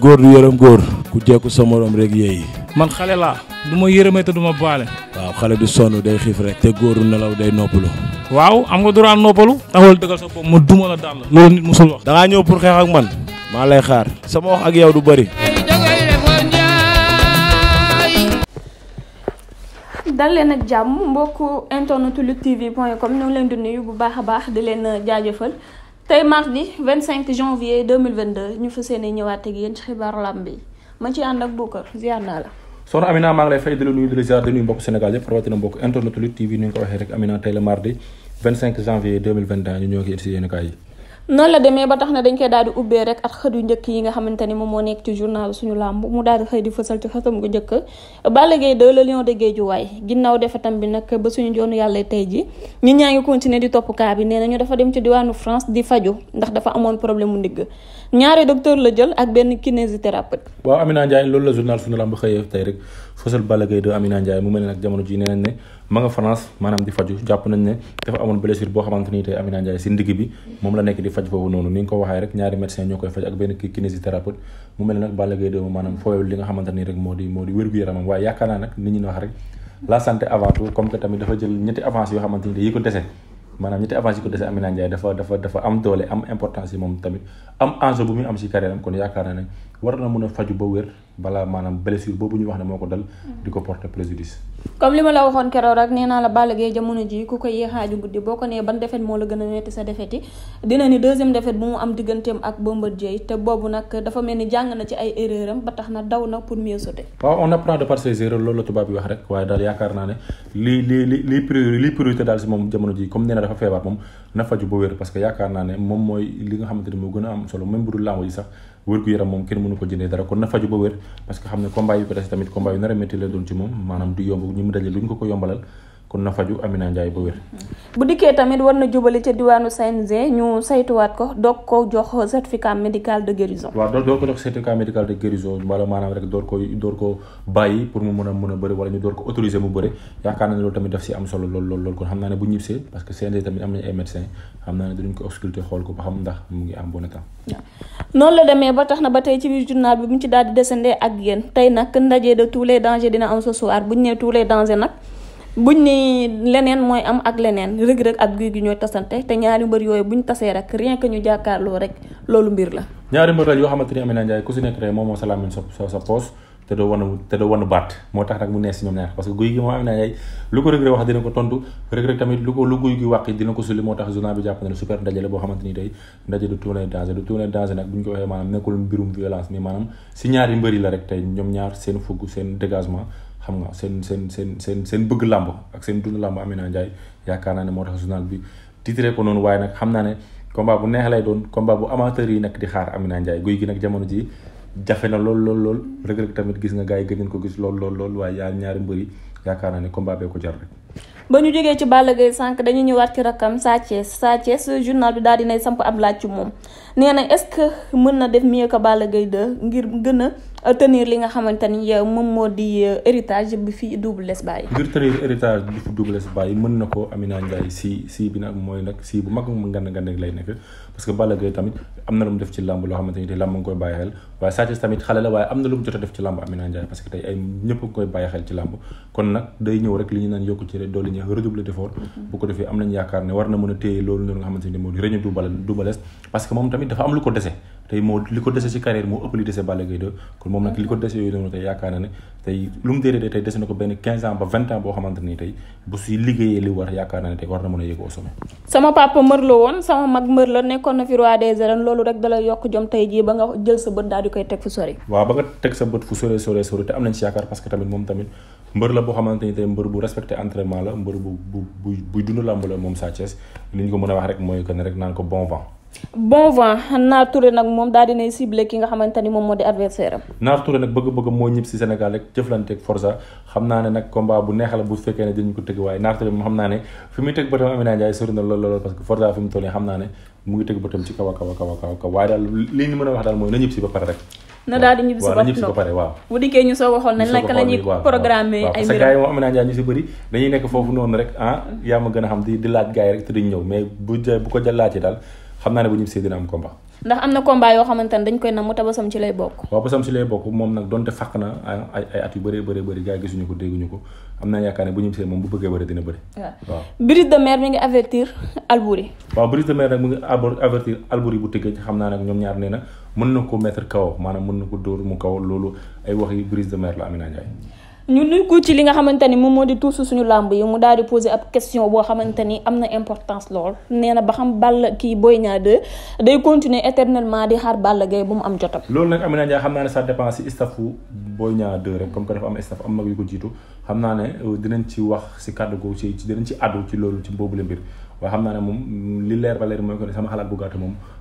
góor du yërëm góor ku jekku sa morom rek yéeyi man xale laa du ma yërëmee te du ma baale waaw xale du sonn day xiif rek te góoru nelaw day noppalu waaw am nga droit noppalu taxawal dëggal sa bopp ma duma la daal loolu nit musul wax da ngaa ñëw pour xeex ak man maa lay xaar sama wax ak yow du bëri dal leen ak jàmm mbokku internetu luttetv.com ñu ngi leen di nuyu bu baax a baax di leen jaajëfal tey mardi 25 janvier 2022 ñu fas yéene ñëwaat ak yéen ci xibaaru làmb bi ma ci ànd ak Boucar ziar la. soxna Amina maa ngi lay fay di la nuyu di la ziar mbokk Sénégal yëpp rawatina mbokk internet Lutte TV ni nga ko waxee rek Amina tey la mardi 25 janvier 2022 ñu ñëw ak yéen si yéen kaay yi. noonu la demee ba tax na dañ koy daal di ubbee rek ak xët yu njëkk yi nga xamante ni moom moo nekk ci journal suñu làmb mu daal di xëy di fësal ci xëtam gu njëkk Balla Gaye 2 le lion de Guédiawaye ginnaaw defetam bi nag ba suñu joonu yàlla tey ji ñun ñaa ngi continuer di topp kaa bi nee nañu dafa dem ci diwaanu France di faju ndax dafa amoon problème mu ndigg ñaari docteur la jël ak benn kinésithérapeute. waaw Amina Ndiaye loolu la journal sunu lamb xëyee tey rek fësal Balla Gaye 2 Amina Ndiaye mu mel ne jamono ji nee nañ ne ma nga France maanaam di faju jàpp nañ ne dafa amoon blessure boo xamante ni tey Amina Ndiaye si ndigg bi moom la nekk di faj foofu noonu ni nga ko waxee rek ñaari médecin ñoo koy faj ak benn kinésithérapeute mu mel ne nag Balla Gaye 2 moom maanaam li nga xamante ni rek moo di moo di wér-gu-yaramam waaye yaakaar naa nag nit ñi wax rek la santé avant maanaam ñetti avance yi ko dese Amina Ndiaye dafa dafa dafa am doole am importance yi moom tamit am enjeu bu muy am si carrière am kon yaakaar naa ne war na mën a faju ba wér balaa maanaam blessure boobu ñu wax ne moo ko dal mm. di ko porter préjudice comme li ma la waxoon keroog rek nee naa la Balla Gaye jamono ji ku koy yéexaaju guddi boo ko nee ban defet a metti sa defet yi dina ni deuxième defet bu mu ak Bombardier te boobu nag dafa mel jàng na ci ay erreur na daw na pour mieux sauter waaw on apprend moom na dafa feebar moom na faju ba wér parce que yaakaar naa moom mooy li nga xamante ni moo gën a am solo même bu dul làmb ji sax wér-gu-yaram moom kenn mënu ko jëndee dara kon na faju ba wér parce que xam ne combat yu ko des tamit combat yu nar a métti la doon ci moom maanaam du yomb ñi mu dajale duñ ko ko yombalal kon na faju Amina Ndiaye ba wér. bu dikkee tamit war na jubali ca diwaanu CNG ñu saytuwaat ko doog ko jox certificat médical de guérison. waaw doog doog ko bàyyi pour mu mën a mën a bëri wala ñu door ko autoriser mu bëri yaakaar naa ne loolu daf si am solo lool lool kon xam naa ne bu ñibsee parce que CNG tamit am nañu ay médecins xam naa ne dinañ ko ausculter xool ko ba xam ndax mu ngi am bon noonu la demee ba tax na ba tey ci biir journal buñ ni leneen mooy am ak leneen Reug Reug ak Gouye Gui ñooy tasante te ñaari mbër yooyu buñ tasee rek rien que ñu jàkkaarloo rek loolu mbir la. ñaari mbër la yoo xamante ni Amina Ndiaye moo sa sa sa poos te doo wan te doo ko wax dina tontu Reug Reug tamit lu ko lu guy Gui wax dina ko sulli moo tax journal bi jàpp na ne super ndaje la boo xamante ni tey ndaje du tourner danger du tourner danger nag bu ko waxee maanaam nekkul mbirum violence ni maanaam si ñaari mbër la rek tey ñoom ñaar seen fugg seen dégagement xam nga seen seen seen seen seen bëgg làmb ak seen dund làmb Amina Ndiaye yaakaar naa ne moo tax journal bi titré ko noonu waaye nag xam naa ne combat bu neex lay doon combat bu amateur yi nag di xaar Amina Ndiaye guy gi nag jamono ji jafe na lool lool lool Reug Reug tamit gis nga gars yi gëj ko gis lool lool lool waaye yaa ñaari mbër yi yaakaar naa ne combat bee ko jar rek. ba ñu jógee ci Balla Gaye sànq dañu ñëwaat ci rakkam Sa Thiès Sa Thiès journal bi daal dinay samp ab laaj ci moom nee na est-ce que na def mieux que Balla Gaye 2 ngir gën a tenir li nga xamante ni euh, moom moo di euh, héritage bi fi Double Less bàyyi. ngir tenir héritage bi fi Double Less bàyyi mën na ko Amina Ndiaye si si bi nag mooy nag si bu mag mu ngan nga koy bàyyi xel waaye Sa Thiès tamit xale la waaye am na lu mu jot a def ci làmb Amina Ndiaye parce que tey ay ñëpp nga koy bàyyi xel ci làmb kon nag day ñëw rek li ñu naan yokku ci rek doole ñu redoubler d'effort mm-hmm. bu ko defee am nañ yaakaar ne war na mën a téye loolu noonu nga xamante ni moo di rëñu Double Double Less parce que tey moo li ko dese si carrière moo ëpp li dese Balla Gaye 2 kon moom nag li ko dese yooyu noonu tey yaakaar na ne tey lu mu déedéet tey dese na ko benn 15 ans ba 20 ans boo xamante ni tey bu si liggéeyee li war yaakaar na ne tey war na mën a yegg au sommet sama papa mbër la woon sama mag mbër la nekkoon na fi roi des arènes loolu rek dala yokk jom tey jii ba nga jël sa bët daal di koy teg fu sori waaw ba te am nañ si yaakaar parce que tamit moom tamit mbër la boo xamante ni tey mbër bu respecté entraînement la mbër bu bu moom Sa Thiès ko mën a wax rek mooy que ne rek naan ko bon vent bon vent Naar Touré nag moom daal dinay ciblé ki nga xamante moom moo di adversaire Naar Touré nag bëgg-bëgg moo ñib si rek jëflante ak xam naa ne nag combat bu neexal bu fekkee ne dinañ a a kaw a na ñib na daal di ñibbi si ba pare waaw bu dikkee ñu soo waxoon nañ naka la ñuy ay mbiram gars yi moom am naa njaay ñu si bëri dañuy nekk foofu noonu rek ah yaa ma gën a xam di di laaj gars yi rek te duñ ñëw mais bu bu ko jël laajee daal xam naa ne bu ñu see dina am combat. ndax am na combat yoo xamante ne dañ koy nam te basam ci lay bokk. waaw basam ci lay bokk moom nag donte fàq na ah, ay ay at yu bëree bëri bëri gars gisuñu ko dégguñu ko am naa yaakaar ne bu ñu moom bu bëggee bëri dina bëri. waaw brise de mer mi ngi avertir Albouri. waaw brise bu tëggee ci xam naa nag ñoom ñaar nee na mën na ko mettre kaw maanaam mën na ko dóor mu kaw loolu ay wax brise de mer la Amina Ndiaye ñu dugg ci li nga xamante ni moom moo di tuusu suñu làmb yi mu daal di poser ab question boo xamante ni am na importance lool nee na ba xam Balla kii Boy Niang 2 day continuer éternellement di xaar Balla Gaye bu mu am jotam. loolu nag Amina Ndiaye xam naa ne ça dépend si staffu Boy Niang 2 rek comme que dafa am staff am mag yu ko jiitu xam naa ne euh, dinañ ci wax si kàddu googu ci dinañ ci àddu ci loolu ci mboobu la mbir waaye xam naa ne moom li leer ba leer mooy ko ne sama xalaat moom.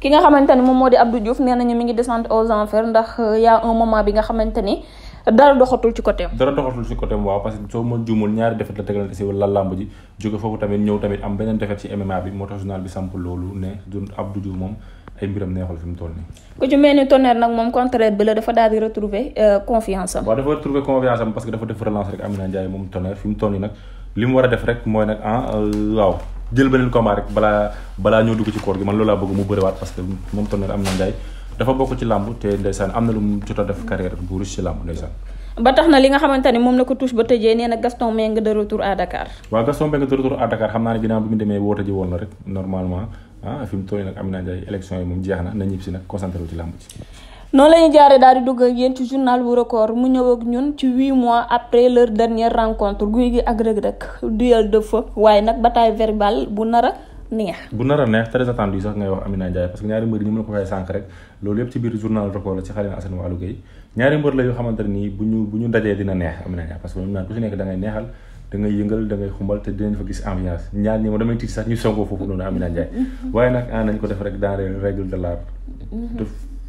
ki nga xamante ni moom moo di Abdou Diouf nee nañu mi ngi descendre aux enfers ndax euh, y a un moment bi nga xamante ni doxatul ci côté dara doxatul ci côté waaw parce que soo ma juumul ñaari defet la tegalante si wala làmb ji jóge foofu tamit ñëw tamit am beneen defet ci MMA bi moo tax journal bi samp loolu ne du Abdou Diouf moom ay mbiram neexul fi mu toll nii. ku ci mel ni tonnerre nag moom contraire bi la dafa daal di retrouver euh, confiance am. waaw dafa retrouver li mu war a def rek mooy nag ah, euh, jël beneen combat rek balaa balaa ñoo dugg ci koor gi man loolu laa bëgg mu bëriwaat parce que moom Tonnerre am na njaay dafa bokk ci làmb te ndeysaan am na lu mu jot a def carrière bu riche ci làmb ndeysaan ba tax na li nga xamante ne moom la ko touche ba tëjee nee na Gaston Mbengue de retour à Dakar Gaston Mbengue de retour à xam naa ne ginnaaw bi mu demee woote ji woon na rek normalement ah fi mu toll nag Amina Ndiaye yi moom jeex na na ñib noonu la ñuy daal di dugg ak yéen ci journal bu record mu ñëw ñun ci huit mois après leur dernière rencontre guy gi ak Reug Reug duel de waaye nag bataille verbale bu nara neex. bu nar a neex très attendu sax ngay wax Amina Ndiaye parce que ñaari mbër ni mu la ko waxee sànq rek loolu yëpp ci biir journal record la ci xale na Assane Walu nii bu ñu bu dina neex Amina Ndiaye parce que ñoom ku ci nekk da neexal da yëngal da xumbal te dinañ fa gis ambiance ñaar ñi damay tiit sax ñu songoo foofu noonu mm-hmm. ah, ko def rek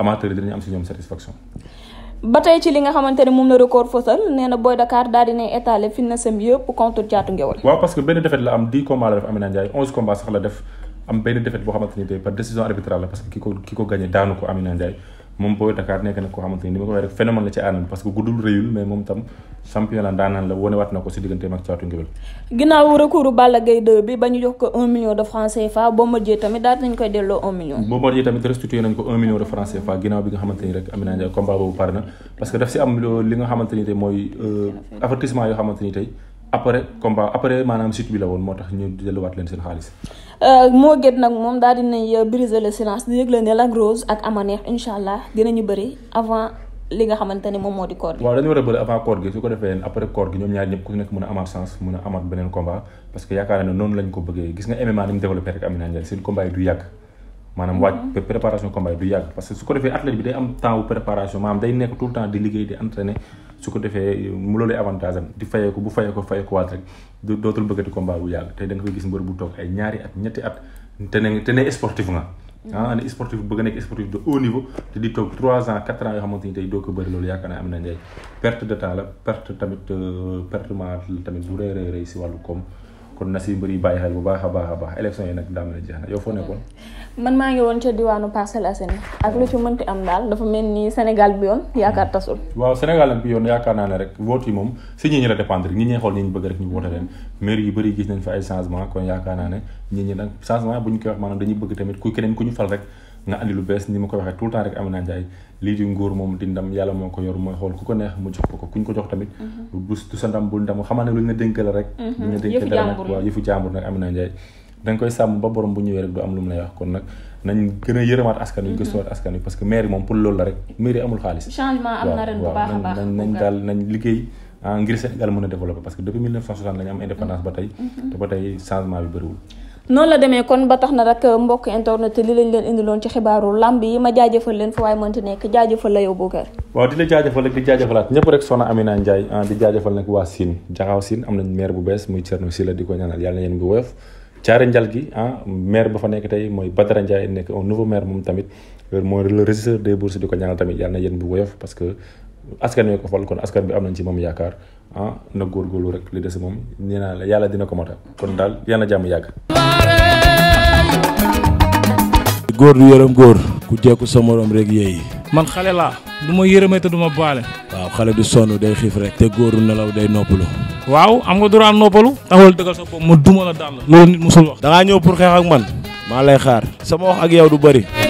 amateurs yi dinañ am si ñoom satisfaction. ba tey ci li nga xamante ne moom la record fësal nee na Boy Dakar daal dina étaler fitness am yëpp contre Thiatou Nguéweul. waaw parce que benn défaite la am 10 combats la def Amina Ndiaye 11 combats sax la def am benn défaite boo xamante ni tey par décision arbitrale la parce que ki ko ki daanu ko Amina Ndiaye. moom Boy Dakar nekk na koo xamante ni ni ma ko waxee rek phénomène la ci àndal parce que guddul réyul na ko si digganteem ak caatu ngéwél ginnaaw recours Balla Gaye 2 bi ba ñu jox ko 1 million de francs CFA Bombardier tamit daal nañ koy delloo 1 million Bombardier tamit restitué nañ ko 1 million de francs CFA ginnaaw bi nga xamante rek Amina Ndiaye combat boobu pare na parce que daf si am li nga xamante tey mooy euh, avertissement yoo xamante ni Euh, moo gét nag moom daal dinañ euh, briser le silence di yëgle ne Lac Rose ak Amaneex incha allah dinañu bëri avant li nga xamante moom moo di koor waaw dañu war a bëri avant koor gi su ko defee après koor gi ñoom ñaar ñëpp ku nekk mën a amaat sens mën a amaat beneen combat parce que yaakaar na noonu lañ ko bëggee gis nga MMA dañu développé rek Amina Ndiaye seen combat yi du yàgg. maanaam waaj mm-hmm. préparation combat yi du yàgg parce que su ko defee nekk tout le temps di liggéey di su ko defee mu loolu avantage am di fayee ko bu fayee ko fayee ko waat rek dootul bëggati combat bu yàgg tey danga koy gis mbër bu toog ay ñaari at ñetti at te ne te ne sportif nga ah ne sportif bëgg nekk sportif de haut niveau te di toog 3 ans 4 ans yoo xamante ni tey doo ko bëri loolu yaakaar naa am na njëriñ perte de temps la perte tamit euh, perte ma tamit bu rëy rëy rëy si wàllu koom kon na si mbër bàyyi xel bu baax a baax a baax élection yi nag daa jeex na yow foo nekkoon. man maa ngi woon ca diwaanu Parcelles Assainies ak lu ci mënti am daal dafa mel ni Sénégal bi yoon yaakaar tasul. Hmm. waaw Sénégal bi yoon yaakaar naa ne rek vote yi moom si ñi ñi la dépendre nit ñi xool bëgg rek ñu voté leen maire yu bëri gis nañ fa ay changement kon yaakaar naa ne nit ñi nag changement bu ñu koy wax maanaam dañuy bëgg tamit ku keneen ku ñu na andi lu bees ni ma ko waxee tout le temps rek Amina Ndiaye lii di nguur moom di ndam yàlla moo ko yor mooy xool ku ko neex mu jox ko ko kuñ ko jox tamit mm-hmm. du sa ndam bul ndam xamaa ne luñ la dénk la rek mm-hmm. yëfu jàmbur nag ba borom bu ñëwee rek du am lu mu lay wax kon nag nañ gën a yërëmaat askan wi mm-hmm. gëstuwaat askan wi parce que mairie moom rek na ren bu baax nañ daal nañ liggéey ah, ngir Sénégal mën a développé parce que depuis 1960 la ñu am indépendance ba tey te ba tey changement bi bëriwul noonu la demee kon ba tax na rek mbokk internet li lañ leen indiloon ci xibaaru làmb yi ma jaajëfal leen fa waaye mënti nekk jaajëfal la yow Boucar waaw di la jaajëfal rek di jaajëfalaat ñëpp ah, bees muy Thierno Sylla di ko ñaanal yàlla na yéen bi woyof caare njal gi ah, maire ba fa nekk tey mooy Badara Ndiaye nekk un nouveau maire moom tamit mooy le régisseur des bourses di ko ñaanal tamit yàlla na yéen bu woyof parce que askan wi ko fal kon askan bi am nañ ci moom yaakaar ah na góorgóorlu rek li des moom nee naa la yàlla dina ko matal kon daal yàlla jàmm yàgg góor du yërëm góor ku jekku sa morom rek yeeyi. man xale laa du ma yërëmee te du ma baale. waaw xale du sonn day xiif rek. te góor du nelaw day noppalu. waaw am nga droit noppalu. taxawal dëggal sa bopp ma duma la daan la. loolu nit musul wax. da ñëw pour xeex ak man. maa lay xaar. sama wax ak yow du bari